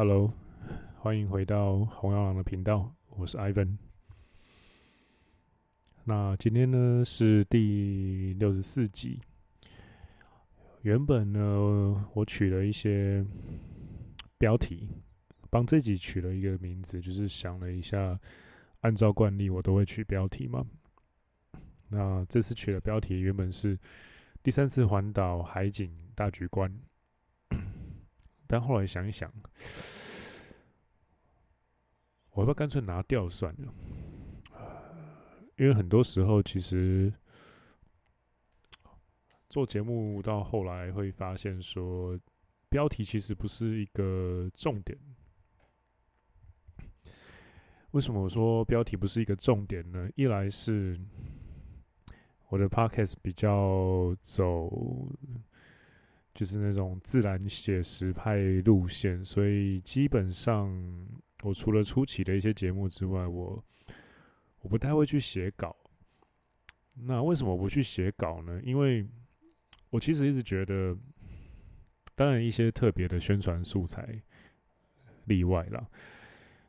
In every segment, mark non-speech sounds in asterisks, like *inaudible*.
Hello，歡迎回到紅藥狼的頻道，我是 Ivan。那今天呢是第六十四集。原本呢，我取了一些標題，幫這集取了一個名字，就是想了一下，按照慣例我都會取標題嘛。那這次取的標題原本是第三次環島海景大局觀。但後來想一想，我要不要乾脆拿掉算了？因為很多時候，其實做節目到後來會發現說，說標題其實不是一個重點。為什麼我說標題不是一個重點呢？一來是我的 Podcast 比較走。就是那種自然寫實派路線，所以基本上我除了初期的一些節目之外，我我不太會去寫稿。那為什麼不去寫稿呢？因為我其實一直覺得，當然一些特別的宣傳素材例外啦。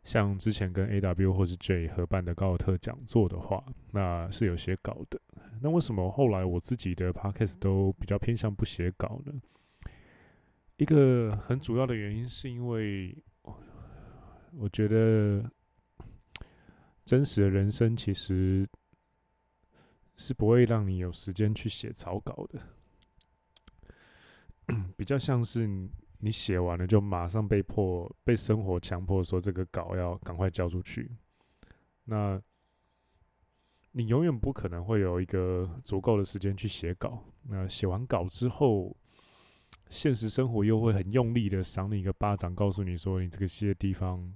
像之前跟 AW 或是 J 合辦的高爾特講座的話，那是有寫稿的。那為什麼後來我自己的 Podcast 都比較偏向不寫稿呢？一個很主要的原因，是因為我覺得真實的人生其實是不會讓你有時間去寫草稿的，比較像是你寫完了就馬上被迫被生活強迫說，這個稿要趕快交出去，那你永遠不可能會有一個足夠的時間去寫稿。那寫完稿之後，現實生活又會很用力的賞你一個巴掌，告訴你說你這個些地方，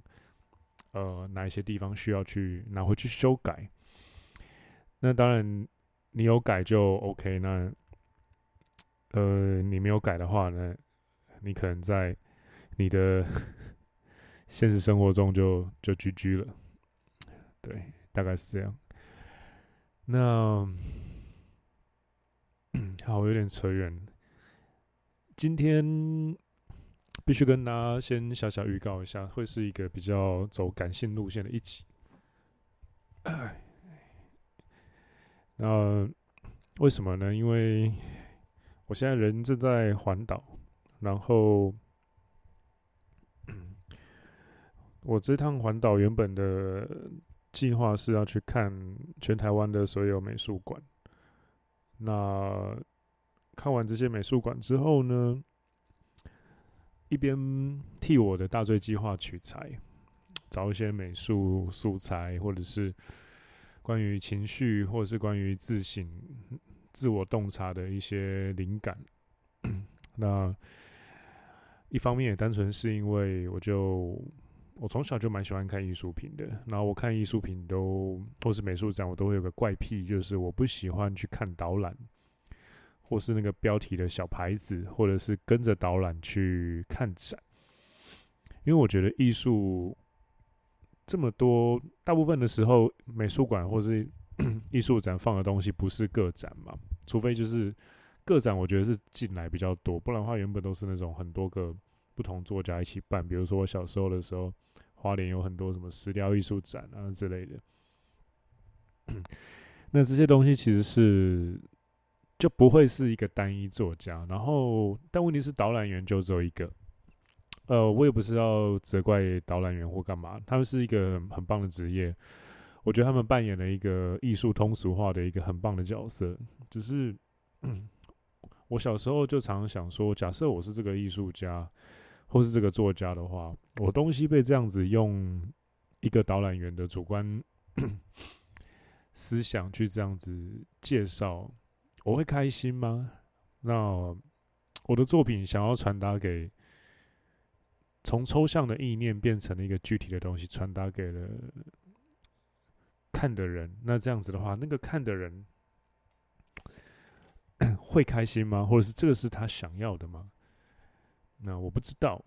呃，哪一些地方需要去拿回去修改。那當然，你有改就 OK。那，呃，你沒有改的話呢，你可能在你的呵呵現實生活中就就 GG 了。對，大概是這樣。那，好，我有點扯遠。今天必須跟大家先小小預告一下，會是一個比較走感性路線的一集。 *coughs* 那為什麼呢？因為我現在人正在環島，然後我這趟環島原本的計劃是要去看全台灣的所有美術館，那，看完這些美術館之後呢，一邊替我的大罪計劃取材，找一些美術素材，或者是關於情緒，或者是關於自省、自我洞察的一些靈感。 *coughs* 那一方面也單純是因為我就我從小就蠻喜歡看藝術品的，然後我看藝術品都或是美術展我都會有個怪癖，就是我不喜歡去看導覽。或是那個標題的小牌子，或者是跟着導覽去看展，因為我覺得藝術這麼多，大部分的時候美術館或是藝術展放的東西不是個展嘛，除非就是個展，我覺得是進來比較多，不然的話原本都是那種很多個不同作家一起辦，比如說我小時候的時候，花蓮有很多什麼石雕藝術展啊之類的，那這些東西其實是。就不會是一個單一作家。然後，但問題是導覽員就只有一個。呃，我也不是要責怪導覽員或幹嘛，他們是一個很棒的職業。我覺得他們扮演了一個藝術通俗化的一個很棒的角色。只、就是我小時候就常想說，假設我是這個藝術家或是這個作家的話，我東西被這樣子用一個導覽員的主觀 *coughs* 思想去這樣子介紹。我會開心嗎？那我的作品想要傳達給，從抽象的意念變成了一個具體的東西，傳達給了看的人。那這樣子的話，那個看的人會開心嗎？或者是這個是他想要的嗎？那我不知道，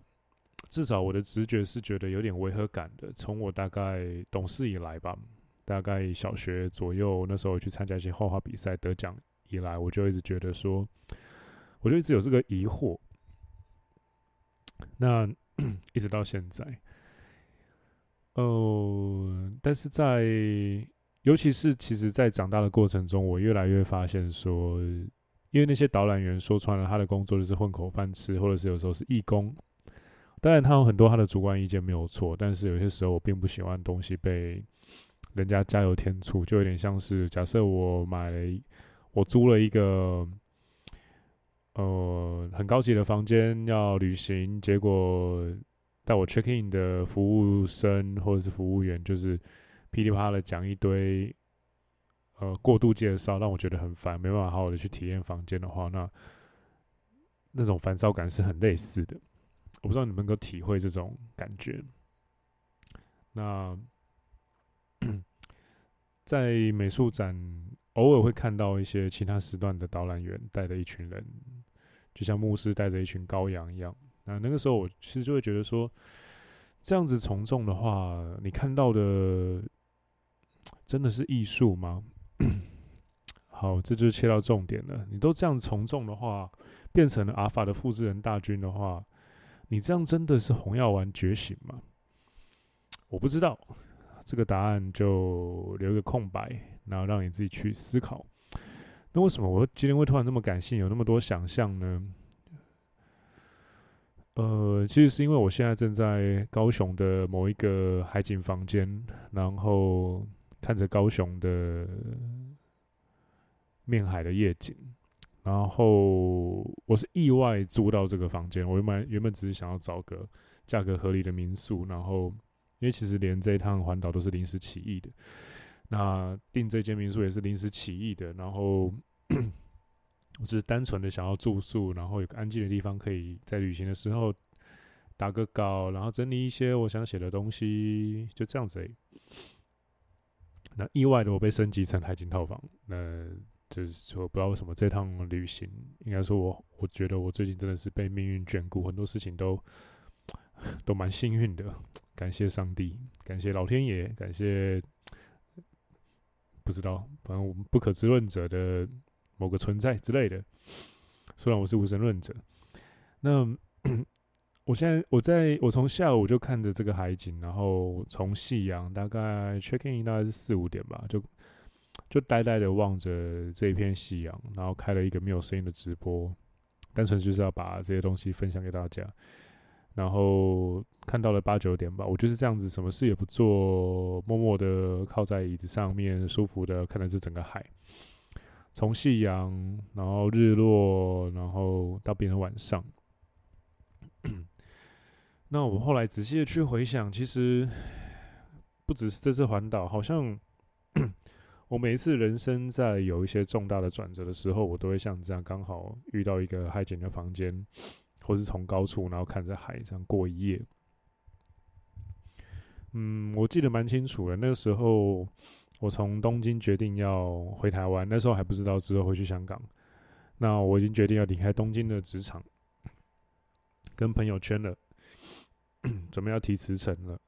至少我的直覺是覺得有點違和感的。從我大概懂事以來吧，大概小學左右，那時候去參加一些畫畫比賽得獎。以來，我就一直覺得說，我就一直有這個疑惑。那一直到現在，哦、呃，但是在，尤其是其實，在長大的過程中，我越來越發現說，因為那些導覽員說穿了他的工作就是混口飯吃，或者是有時候是義工。當然，他有很多他的主觀意見沒有錯，但是有些時候我並不喜歡東西被人家加油添醋，就有點像是假設我買了。我租了一個，呃，很高級的房間要旅行，結果帶我 check in 的服務生或者是服務員，就是噼里啪啦講一堆，呃，過度介紹，讓我覺得很煩，沒辦法好好的去體驗房間的話，那那種煩躁感是很類似的。我不知道你們能夠體會這種感覺。那在美術展。偶爾會看到一些其他時段的導覽員帶着一群人，就像牧師帶着一群羔羊一樣。那那個時候，我其實就會覺得說，這樣子從眾的話，你看到的真的是藝術嗎？ *coughs* 好，這就是切到重點了。你都這樣從眾的話，變成了阿爾法的複製人大軍的話，你這樣真的是紅藥丸覺醒嗎？我不知道。這個答案就留一個空白，然後讓你自己去思考。那為什麼我今天會突然那麼感性，有那麼多想象呢？呃，其實是因為我現在正在高雄的某一個海景房間，然後看着高雄的面海的夜景。然後我是意外租到這個房間，我原本原本只是想要找個價格合理的民宿，然後，因為其實連這一趟環島都是臨時起意的，那訂這間民宿也是臨時起意的。然後我只、 *coughs* 就是單純的想要住宿，然後有個安靜的地方，可以在旅行的時候打個稿，然後整理一些我想寫的東西，就這樣子而已。那意外的我被升級成海景套房，那就是說不知道為什麼這趟旅行，應該說我我覺得我最近真的是被命運眷顧，很多事情都。都蠻幸運的，感謝上帝，感謝老天爺，感謝不知道，反正我們不可知論者的某個存在之類的。雖然我是無神論者，那我現在我在我從下午就看着這個海景，然後從夕陽，大概 check in 大概是四五點吧，就就呆呆的望着這一片夕陽，然後開了一個沒有聲音的直播，單純就是要把這些東西分享給大家。然後看到了八九點吧，我就是這樣子，什麼事也不做，默默的靠在椅子上面，舒服的看着這整個海，從夕陽，然後日落，然後到變成晚上。 *coughs* 那我後來仔細的去回想，其實不只是這次環島，好像 *coughs* 我每一次人生在有一些重大的轉折的時候，我都會像這樣，剛好遇到一個海景的房間。或是從高處，然後看著海上過一夜。嗯，我記得蠻清楚的。那個時候，我從東京決定要回台灣，那時候還不知道之後會去香港。那我已經決定要離開東京的職場，跟朋友圈了， *coughs* 準備要提辭呈了。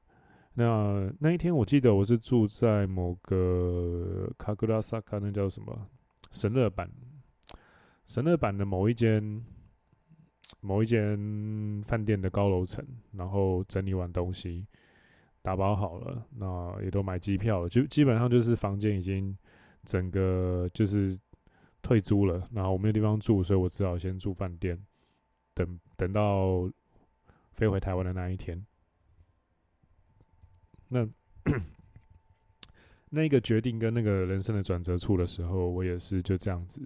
那那一天，我記得我是住在某個卡格拉薩卡，那叫什麼神樂坂，神樂坂的某一間，某一間飯店的高樓層，然後整理完東西，打包好了，那也都買機票了，就基本上就是房間已經整個就是退租了，然後我沒有地方住，所以我只好先住飯店，等等到飛回台灣的那一天。那 *coughs* 那個決定跟那個人生的轉折處的時候，我也是就這樣子。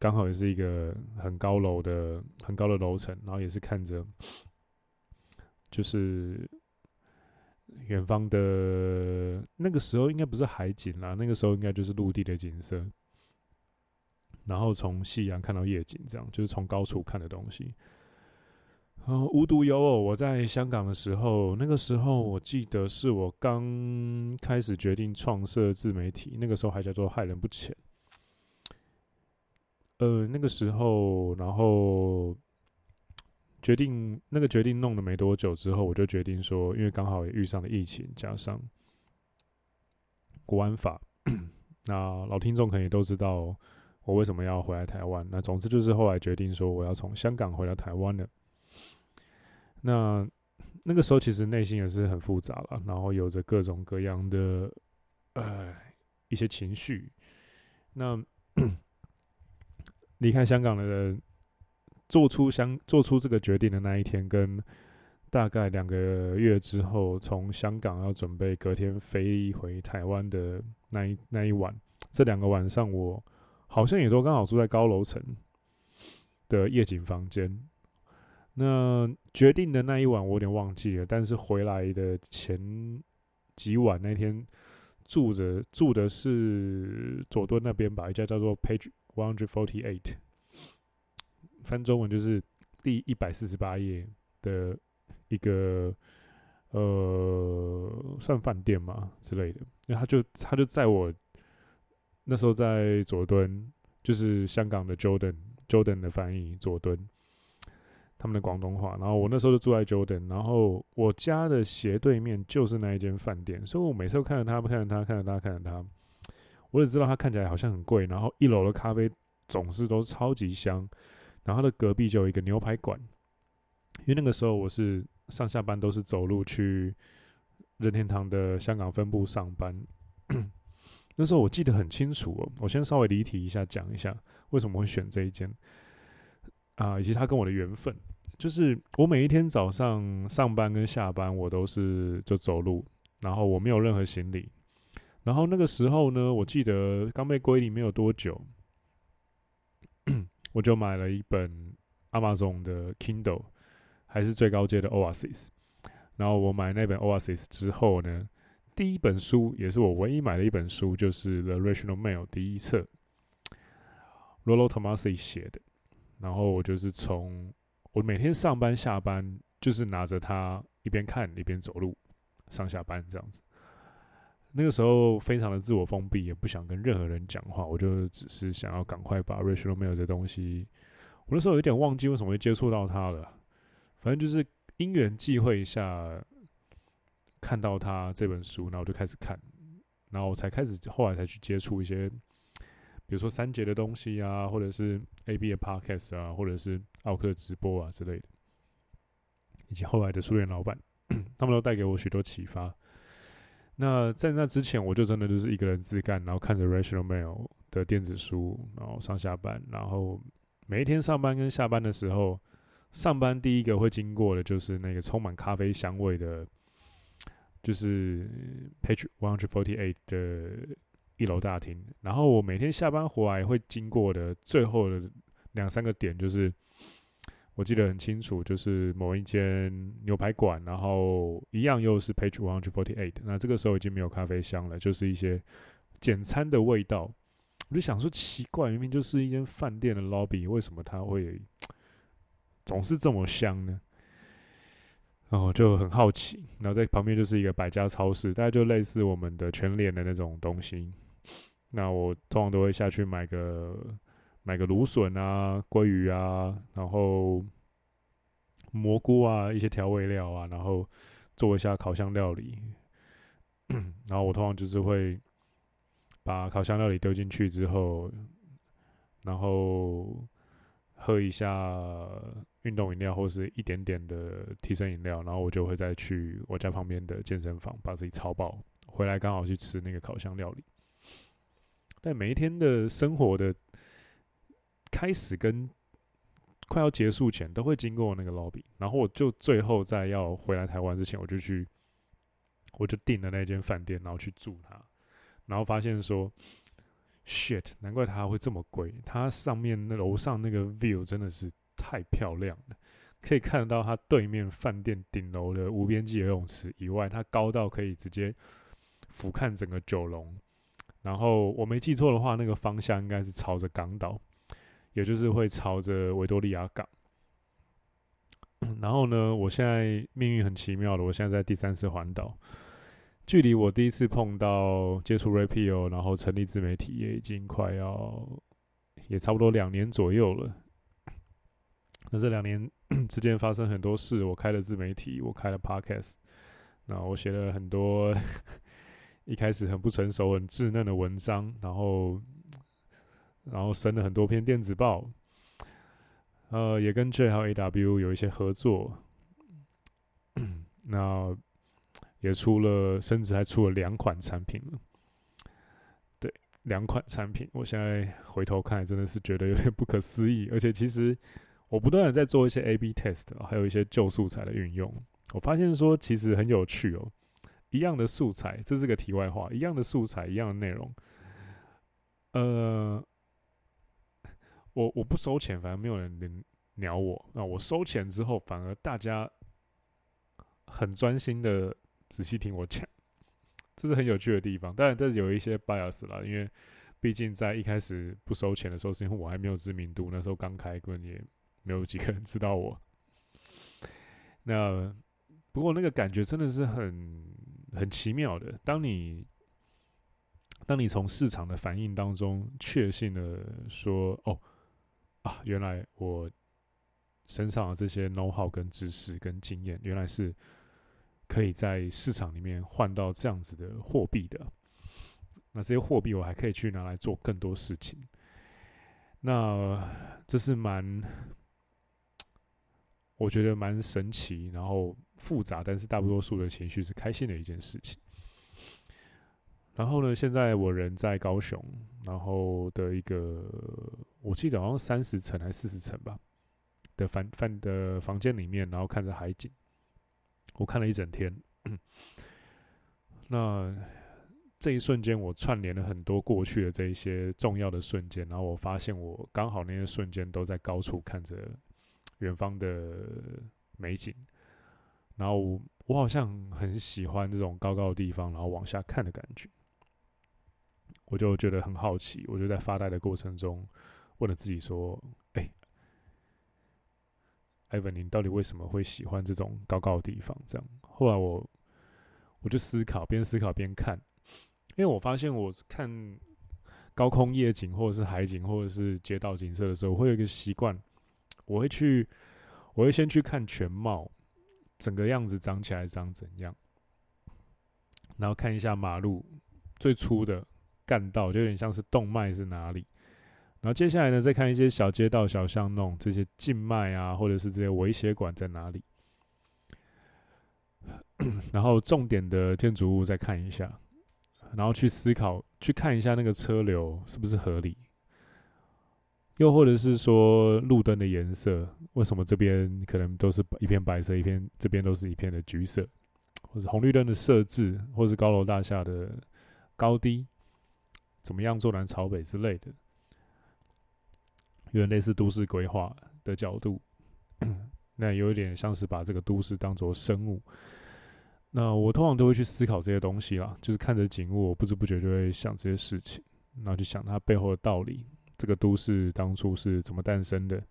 剛好也是一個很高樓的很高的樓層，然後也是看着就是遠方的那個時候應該不是海景啦，那個時候應該就是陸地的景色。然後從夕陽看到夜景，這樣就是從高處看的東西。然後，嗯，無獨有偶，我在香港的時候，那個時候我記得是我剛開始決定創設自媒體，那個時候還叫做駭人不淺。呃，那個時候，然後決定那個決定弄了沒多久之後，我就決定說，因為剛好也遇上了疫情，加上國安法， *coughs* 那老聽眾可能也都知道我為什麼要回來台灣。那總之就是後來決定說，我要從香港回到台灣了。那那個時候其實內心也是很複雜了，然後有着各種各樣的呃一些情緒。那。 *coughs* 離開香港的人做出香做出這個決定的那一天，跟大概兩個月之後從香港要準備隔天飛回台灣的那一那一晚，這兩個晚上我好像也都剛好住在高樓層的夜景房間。那決定的那一晚我有點忘記了，但是回來的前幾晚那天住着住的是佐敦那邊吧，一家叫做 Page。One hundred forty-eight，翻中文就是第一百四十八頁的一個呃，算飯店嘛之類的。那他就他就在我那時候在佐敦，就是香港的 Jordan，Jordan Jordan 的翻譯佐敦，他們的廣東話。然後我那時候就住在 Jordan，然後我家的斜對面就是那一間飯店，所以我每次都看着他，看着他，看着他，看着他。我只知道它看起來好像很貴，然後一樓的咖啡總是都是超級香，然後它的隔壁就有一個牛排館。因為那個時候我是上下班都是走路去任天堂的香港分部上班， *coughs* 那時候我記得很清楚喔。哦，我先稍微離題一下講一下，為什麼會選這一間啊，呃，以及他跟我的緣分。就是我每一天早上上班跟下班，我都是就走路，然後我沒有任何行李。然後那個時候呢，我記得剛被歸零沒有多久， *coughs* 我就買了一本阿 o 總的 Kindle，還是最高階的 Oasis。然後我買那本 Oasis 之後呢，第一本書也是我唯一買的一本書，就是 The Rational Mail 第一冊，羅羅·湯馬斯寫的。然後我就是從我每天上班下班，就是拿着它一邊看一邊走路上下班這樣子。那個時候非常的自我封閉，也不想跟任何人講話，我就只是想要趕快把《Rational Male》這東西，我那時候有點忘記為什麼會接觸到他了。反正就是因緣際會一下看到他這本書，然後我就開始看，然後我才開始後來才去接觸一些，比如說三傑的東西啊，或者是 A B 的 Podcast 啊，或者是奧克直播啊之類的，以及後來的書院老闆， *coughs* 他們都帶給我許多啟發。那在那之前，我就真的就是一個人自幹，然後看着《Rational Mail》的電子書，然後上下班，然後每一天上班跟下班的時候，上班第一個會經過的就是那個充滿咖啡香味的，就是 Page One Hundred Forty Eight 的一樓大廳，然後我每天下班回來會經過的最後的兩三個點就是。我記得很清楚，就是某一間牛排館，然後一樣又是 Page One Hundred Forty Eight。那這個時候已經沒有咖啡香了，就是一些簡餐的味道。我就想說奇怪，明明就是一間飯店的 lobby，為什麼它會總是這麼香呢？然後就很好奇。然後在旁邊就是一個百家超市，大概就類似我們的全聯的那種東西。那我通常都會下去買個。買個蘆筍啊、鮭魚啊，然後蘑菇啊，一些調味料啊，然後做一下烤箱料理。然後我通常就是會把烤箱料理丟進去之後，然後喝一下運動飲料或是一點點的提神飲料，然後我就會再去我家旁邊的健身房把自己操爆，回來，剛好去吃那個烤箱料理。但每一天的生活的，開始跟快要結束前都會經過那個 lobby，然後我就最後在要回來台灣之前，我就去，我就訂了那間飯店，然後去住它，然後發現說，shit，難怪它會這麼貴，它上面那樓上那個 view 真的是太漂亮了，可以看得到它對面飯店頂樓的無邊際游泳池以外，它高到可以直接俯瞰整個九龍，然後我沒記錯的話，那個方向應該是朝着港島。也就是會朝着維多利亞港。然後呢，我現在命運很奇妙了，我現在在第三次環島，距離我第一次碰到接觸 Rapio，然後成立自媒體，也已經快要也差不多兩年左右了。那這兩年之間發生很多事，我開了自媒體，我開了 Podcast，那我寫了很多 *laughs* 一開始很不成熟、很稚嫩的文章，然後。然後生了很多篇電子報，呃，也跟 J 和 AW 有一些合作，那也出了，甚至還出了兩款產品了。對，兩款產品，我現在回頭看，真的是覺得有些不可思議。而且，其實我不斷的在做一些 A/B test，哦，還有一些舊素材的運用，我發現說其實很有趣哦。一樣的素材，這是個題外話，一樣的素材，一樣的內容，呃。我我不收錢，反正沒有人鳥我。那我收錢之後，反而大家很專心的仔細聽我講，這是很有趣的地方。當然，這是有一些 bias 啦，因為畢竟在一開始不收錢的時候，是因為我還沒有知名度，那時候剛開可能也沒有幾個人知道我。那不過那個感覺真的是很很奇妙的。當你當你從市場的反應當中確信的說哦。啊，原來我身上的這些 know how 跟知識跟經驗，原來是可以在市場裡面換到這樣子的貨幣的。那這些貨幣我還可以去拿來做更多事情。那這是蠻，我覺得蠻神奇，然後複雜，但是大大多數的情緒是開心的一件事情。然後呢，現在我人在高雄，然後的一個。我記得好像三十層還是四十層吧的房房的房間裡面，然後看着海景，我看了一整天。那這一瞬間，我串聯了很多過去的這一些重要的瞬間，然後我發現我剛好那些瞬間都在高處看着遠方的美景。然後我我好像很喜歡這種高高的地方，然後往下看的感覺。我就覺得很好奇，我就在發呆的過程中。問了自己說：“哎、欸，艾文，你到底為什麼會喜歡這種高高的地方？”這樣，後來我我就思考，邊思考邊看，因為我發現我看高空夜景，或者是海景，或者是街道景色的時候，我會有一個習慣，我會去，我會先去看全貌，整個樣子長起來長怎樣，然後看一下馬路最初的幹道，就有點像是動脈是哪裡。然後接下來呢，再看一些小街道、小巷弄這些靜脈啊，或者是這些微血管在哪裡。 *coughs* 然後重點的建築物再看一下，然後去思考，去看一下那個車流是不是合理，又或者是說路燈的顏色為什麼這邊可能都是一片白色，一片這邊都是一片的橘色，或者是紅綠燈的設置，或者是高樓大廈的高低，怎麼樣坐南朝北之類的。有點類似都市規劃的角度， *coughs* 那有一點像是把這個都市當作生物。那我通常都會去思考這些東西啦，就是看着景物，我不知不覺就會想這些事情，然後就想它背後的道理。這個都市當初是怎麼誕生的？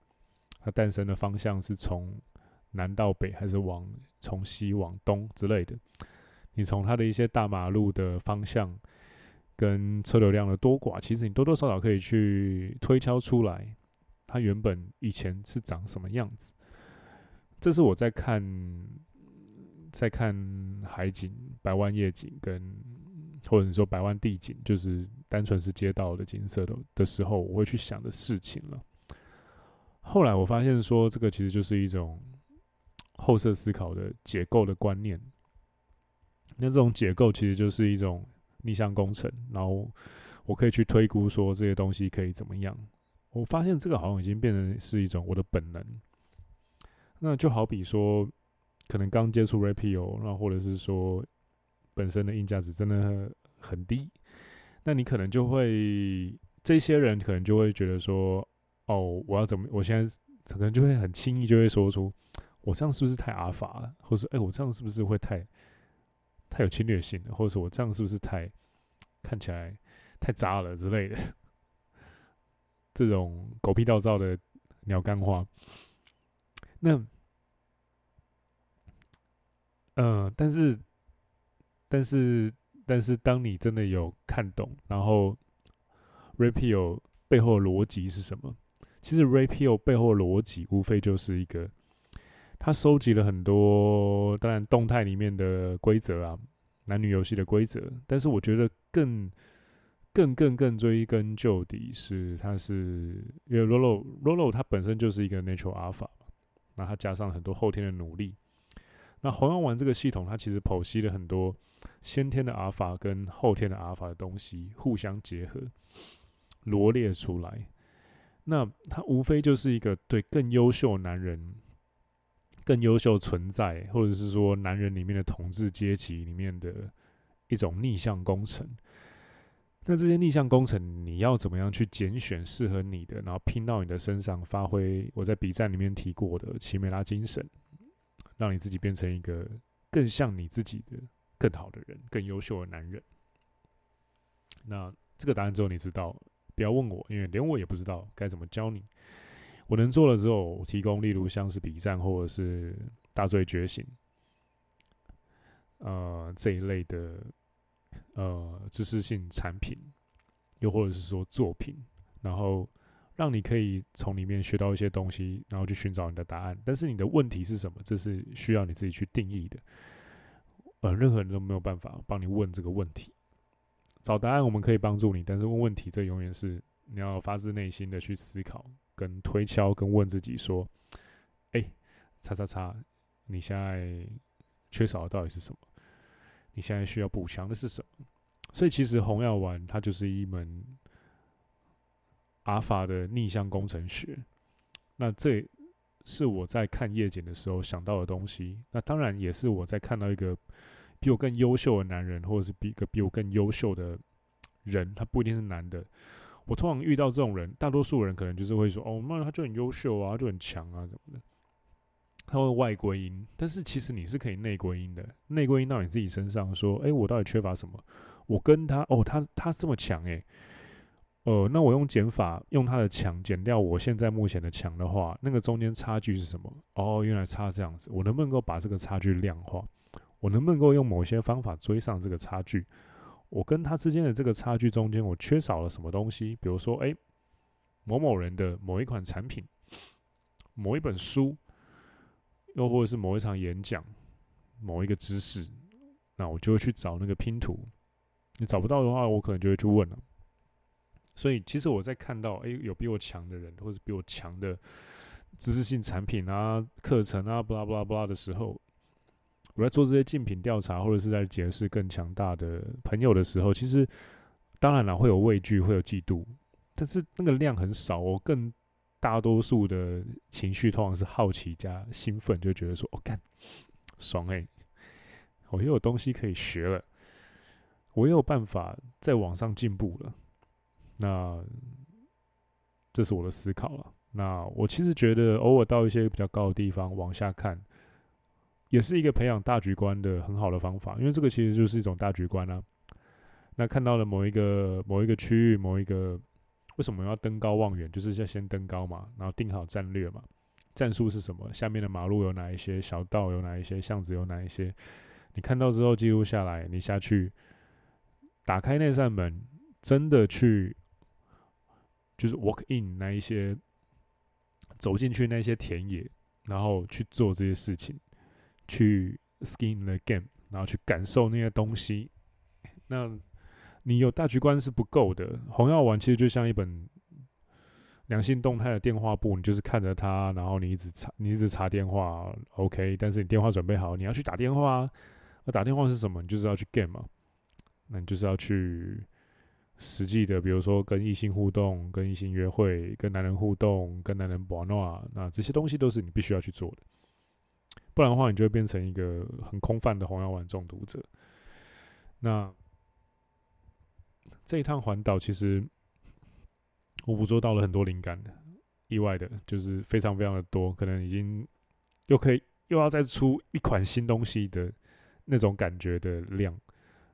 它誕生的方向是從南到北，還是往從西往東之類的？你從它的一些大馬路的方向跟車流量的多寡，其實你多多少少可以去推敲出來。它原本以前是長什麼樣子？這是我在看，在看海景、百萬夜景跟或者說百萬地景，就是單純是街道的景色的的時候，我會去想的事情了。後來我發現說，這個其實就是一種後設思考的解構的觀念。那這種解構其實就是一種逆向工程，然後我可以去推估說這些東西可以怎麼樣。我發現這個好像已經變成是一種我的本能。那就好比說，可能剛接觸 rapio，或者是說，本身的硬價值真的很低，那你可能就會，這些人可能就會覺得說，哦，我要怎麼，我現在可能就會很輕易就會說出，我這樣是不是太 alpha 了，或者哎、欸，我這樣是不是會太太有侵略性了？或者說我這樣是不是太看起來太渣了之類的。這種狗屁倒灶的鳥幹話，那，嗯、呃，但是，但是，但是，當你真的有看懂，然後 Rapio 背後的邏輯是什麼？其實 Rapio 背後的邏輯無非就是一個，他收集了很多，當然動態裡面的規則啊，男女遊戲的規則，但是我覺得更。更更更追根究底是，他是，它是因為 Rolo 他本身就是一個 natural alpha，那他加上很多後天的努力。那紅藥丸，丸這個系統，它其實剖析了很多先天的 alpha 跟後天的 alpha 的東西，互相結合羅列出來。那它無非就是一個對更優秀男人、更優秀存在，或者是說男人裡面的統治階級裡面的一種逆向工程。那這些逆向工程，你要怎麼樣去揀選適合你的，然後拼到你的身上，發揮我在筆戰裡面提過的奇美拉精神，讓你自己變成一個更像你自己的、更好的人、更優秀的男人。那這個答案只有你知道，不要問我，因為連我也不知道該怎麼教你。我能做的只有提供，例如像是筆戰或者是大罪覺醒，呃，這一類的。呃，知識性產品，又或者是說作品，然後讓你可以從裡面學到一些東西，然後去尋找你的答案。但是你的問題是什麼？這是需要你自己去定義的。呃，任何人都沒有辦法幫你問這個問題。找答案我們可以幫助你，但是問問題這永遠是你要發自內心的去思考、跟推敲、跟問自己說：“哎、欸，叉叉叉，你現在缺少的到底是什麼？”你現在需要補強的是什麼？所以其實紅藥丸它就是一門阿法的逆向工程學。那這是我在看夜景的時候想到的東西。那當然也是我在看到一個比我更優秀的男人，或者是比一個比我更優秀的人，他不一定是男的。我通常遇到這種人，大多數人可能就是會說：“哦，那他就很優秀啊，他就很強啊，怎麼的。”他會外歸因，但是其實你是可以內歸因的，內歸因到你自己身上，說：哎、欸，我到底缺乏什麼？我跟他，哦，他他這麼強，誒。呃，那我用減法，用他的強減掉我現在目前的強的話，那個中間差距是什麼？哦，原來差這樣子。我能不能夠把這個差距量化？我能不能夠用某些方法追上這個差距？我跟他之間的這個差距中間，我缺少了什麼東西？比如說，哎、欸，某某人的某一款產品，某一本書。又或者是某一場演講、某一個知識，那我就會去找那個拼圖。你找不到的話，我可能就會去問了。所以，其實我在看到哎、欸，有比我強的人，或者比我強的知識性產品啊、課程啊，巴拉巴拉巴拉的時候，我在做這些競品調查，或者是在結識更強大的朋友的時候，其實當然了、啊，會有畏懼，會有嫉妒，但是那個量很少哦，更。大多數的情緒通常是好奇加興奮，就覺得說：“我、哦、幹爽欸，我又有東西可以學了，我又有辦法再往上進步了。那”那這是我的思考了。那我其實覺得，偶爾到一些比較高的地方往下看，也是一個培養大局觀的很好的方法，因為這個其實就是一種大局觀啊。那看到了某一個、某一個區域、某一個。為什麼要登高望遠？就是要先登高嘛，然後定好戰略嘛。戰術是什麼？下面的馬路有哪一些？小道有哪一些？巷子有哪一些？你看到之後記錄下來，你下去打開那扇門，真的去就是 walk in 那一些，走進去那些田野，然後去做這些事情，去 skin the game，然後去感受那些東西。那你有大局觀是不夠的，紅藥丸其實就像一本兩性動態的電話簿，你就是看着它，然後你一直查，你一直查電話，OK。但是你電話準備好，你要去打電話，那打電話是什麼？你就是要去 game 嘛。那你就是要去實際的，比如說跟異性互動、跟異性約會、跟男人互動、跟男人玩玩，那這些東西都是你必須要去做的，不然的話，你就會變成一個很空泛的紅藥丸中毒者。那這一趟環島，其實我捕捉到了很多靈感意外的，就是非常非常的多，可能已經又可以又要再出一款新東西的那種感覺的量，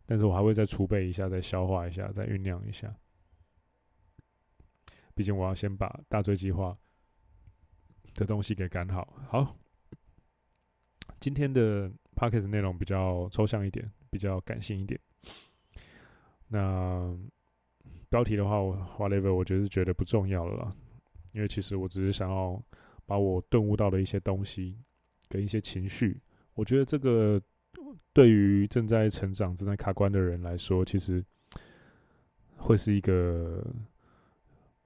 但是我還會再儲備一下，再消化一下，再醞釀一下。畢竟我要先把大罪計劃的東西給趕好。好，今天的 Podcast 內容比較抽象一點，比較感性一點。那標題的話我，whatever，我覺得是覺得不重要了，因為其實我只是想要把我頓悟到的一些東西跟一些情緒，我覺得這個對於正在成長、正在卡關的人來說，其實會是一個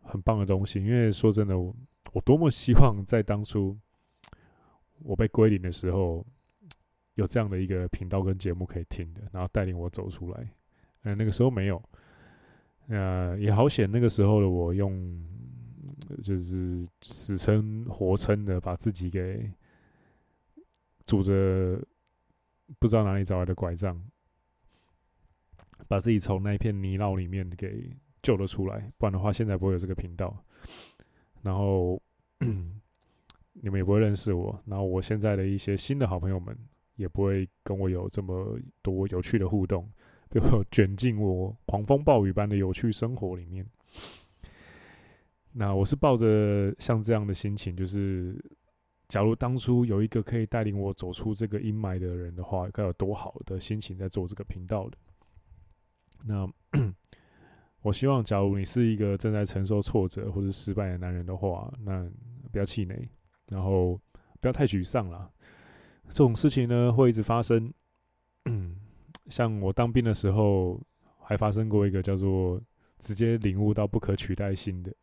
很棒的東西。因為說真的我，我多麼希望在當初我被歸零的時候，有這樣的一個頻道跟節目可以聽的，然後帶領我走出來。呃、嗯，那個時候沒有，呃，也好險。那個時候的我用，就是死撐、活撐的，把自己給拄着不知道哪裡找來的拐杖，把自己從那一片泥淖裡面給救了出來。不然的話，現在不會有這個頻道，然後你們也不會認識我，然後我現在的一些新的好朋友們也不會跟我有這麼多有趣的互動。就捲進我狂風暴雨般的有趣生活裡面。那我是抱着像這樣的心情，就是假如當初有一個可以帶領我走出這個陰霾的人的話，該有多好的心情在做這個頻道的那。那 *coughs* 我希望，假如你是一個正在承受挫折或者失敗的男人的話，那不要氣餒，然後不要太沮喪啦。這種事情呢，會一直發生。嗯。 *coughs* 像我當兵的時候，還發生過一個叫做“直接領悟到不可取代性的”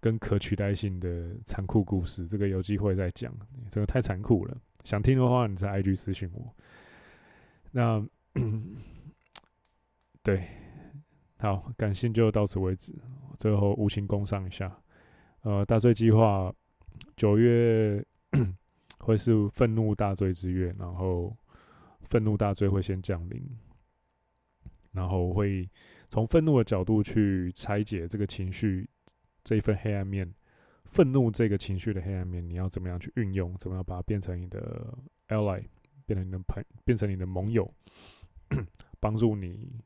跟“可取代性的”殘酷故事。這個有機會再講，這個太殘酷了。想聽的話，你在 IG 私信我。那 *coughs* 對，好，感性就到此為止。最後無情攻上一下，呃，大罪計劃九月 *coughs* 會是憤怒大罪之月，然後。憤怒大罪會先降臨，然後會從憤怒的角度去拆解這個情緒，這一份黑暗面。憤怒這個情緒的黑暗面，你要怎麼樣去運用？怎麼樣把它變成你的 ally，變成你的朋，變成你的盟友，幫 *coughs* 助你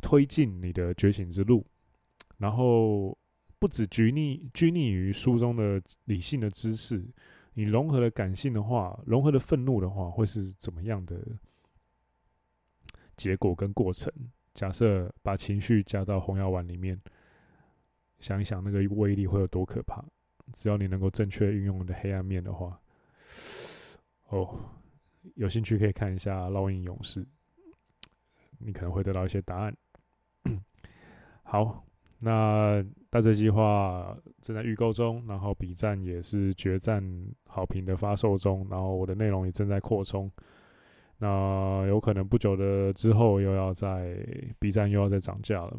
推進你的覺醒之路。然後，不止拘泥拘泥於書中的理性的知識。你融合了感性的話，融合了憤怒的話，會是怎麼樣的結果跟過程？假設把情緒加到紅藥丸裡面，想一想那個威力會有多可怕？只要你能夠正確運用你的黑暗面的話，哦，有興趣可以看一下《烙印勇士》，你可能會得到一些答案。 *coughs* 好。那大罪計劃正在預購中，然後筆戰也是決戰好評的發售中，然後我的內容也正在擴充。那有可能不久的之後，又要在筆戰又要再漲價了。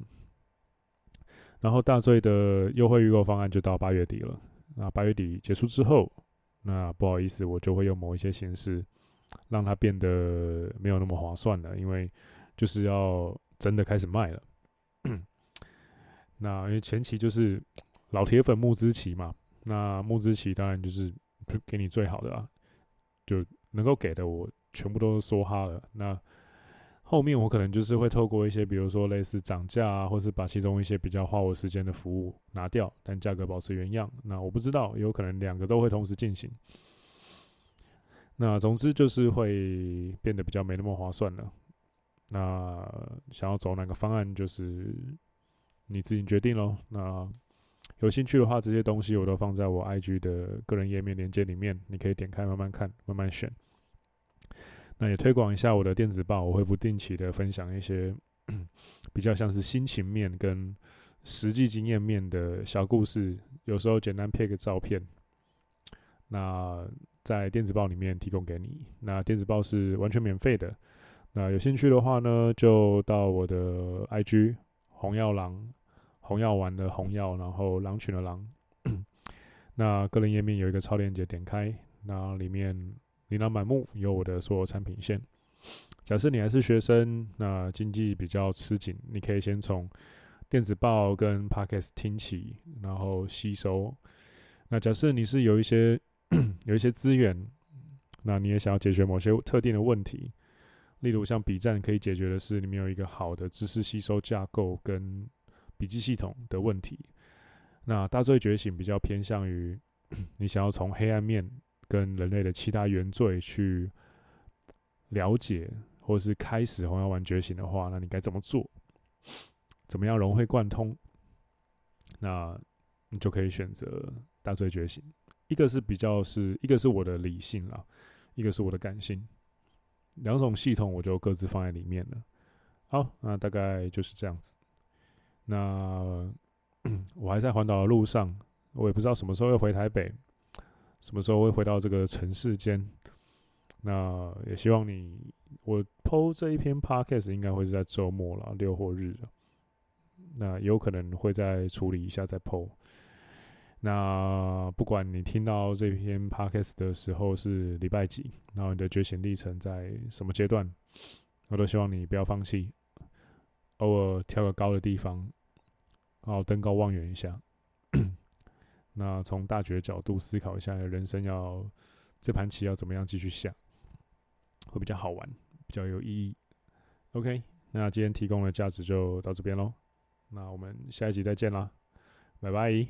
然後大罪的優惠預購方案就到八月底了。那八月底結束之後，那不好意思，我就會用某一些形式讓它變得沒有那麼划算了，因為就是要真的開始賣了。那因為前期就是老鐵粉募資期嘛，那募資期當然就是給你最好的啊，就能夠給的我全部都是梭哈了。那後面我可能就是會透過一些，比如說類似漲價啊，或是把其中一些比較花我時間的服務拿掉，但價格保持原樣。那我不知道，有可能兩個都會同時進行。那總之就是會變得比較沒那麼划算了。那想要走哪個方案，就是。你自己決定咯，那有興趣的話，這些東西我都放在我 IG 的個人頁面鏈接裡面，你可以點開慢慢看，慢慢選。那也推廣一下我的電子報，我會不定期的分享一些比較像是心情面跟實際經驗面的小故事，有時候簡單配個照片。那在電子報裡面提供給你。那電子報是完全免費的。那有興趣的話呢，就到我的 IG。紅藥狼，紅藥丸的紅藥，然後狼群的狼。 *coughs* 那個人頁面有一個超鏈接，點開那裡面琳琅滿目，有我的所有產品線。假設你還是學生，那經濟比較吃緊，你可以先從電子報跟 Podcast 聽起，然後吸收。那假設你是有一些 *coughs* 有一些資源，那你也想要解決某些特定的問題。例如像筆戰可以解決的是，你沒有一個好的知識吸收架構跟筆記系統的問題。那大罪覺醒比較偏向於你想要從黑暗面跟人類的其他原罪去了解，或是開始想要玩覺醒的話，那你該怎麼做？怎麼樣融會貫通？那你就可以選擇大罪覺醒。一個是比較是一個是我的理性啦，一個是我的感性。兩種系統我就各自放在裡面了。好，那大概就是這樣子。那我還在環島的路上，我也不知道什麼時候會回台北，什麼時候會回到這個城市間。那也希望你，我 PO 這一篇 Podcast 應該會是在周末了，六或日了。那有可能會再處理一下再 PO。那不管你聽到這篇 podcast 的時候是禮拜幾，然後你的覺醒歷程在什麼階段，我都希望你不要放棄。偶爾挑個高的地方，然後登高望遠一下， *coughs* 那從大局的角度思考一下人生要，要這盤棋要怎麼樣繼續下，會比較好玩，比較有意義。OK，那今天提供的價值就到這邊嘍。那我們下一集再見啦，拜拜。